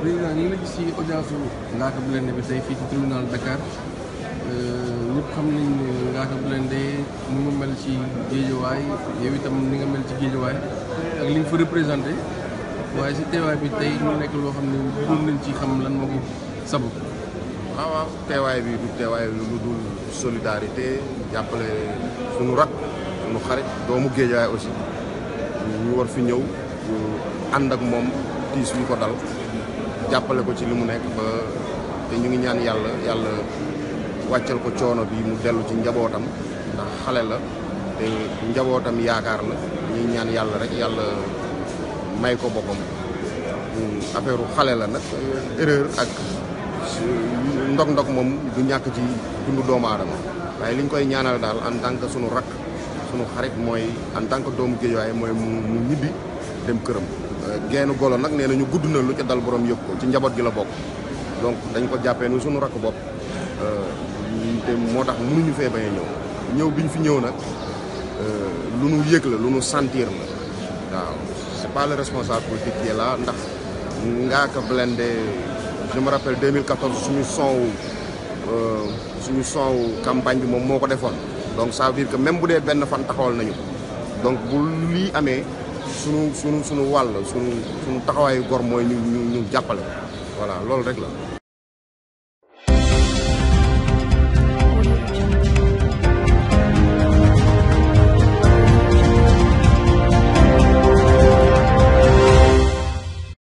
président ñu ngi la gis ci audience Ngaaka Blindé bi tey fii ci tribunal Dakar ñëpp xam nañ ne Ngaaka Blindé ni mu mel ci géejawaay yow itam ni nga mel ci géejawaay ak li nga fa représenté waaye si teewaay bi tey ñu nekk loo xam ne pour nañ ci xam lan moo ko sabab. waaw waaw teewaay bi du teewaay lu dul solidarité jàppale suñu rak suñu xarit doomu géejawaay aussi ñu war fi ñëw ànd ak moom tiis wi ko dal. jàppale ko ci li mu nekk ba te ñu ngi ñaan yàlla yàlla wàccal ko coono bi mu dellu ci njabootam ndax xale la te njabootam yaakaar na ñuy ñaan yàlla rek yàlla may ko boppam affaire xale la nag erreur ak ndog-ndog moom du ñàkk ci dundu doomu aadama waaye li ñu koy ñaanal daal en tant que sunu rakk sunu xarit mooy en tant que doomu waaye mooy mu ñibbi dem këram geenu golo nak nee nañu gudd na lu ci dal borom yëg ko ci njabot gi la bok donc dañ ko jappé nu sunu rak bopp euh té motax mënuñu fee bañ a ñew ñëw biñ fi nak euh lu nu yek la lu nu sentir la waaw c'est pas le responsable politique qui est là ndax ka blendé je me rappelle 2014 suñu son euh, suñu son campagne bi mom moko défon donc ça veut dire que même bu dé ben fan taxawal nañu donc bu li amé sunu sunu sunu wàll sunu sunu taxawaayu gor mooy ñu ñu ñu jàppale voilà loolu rek la.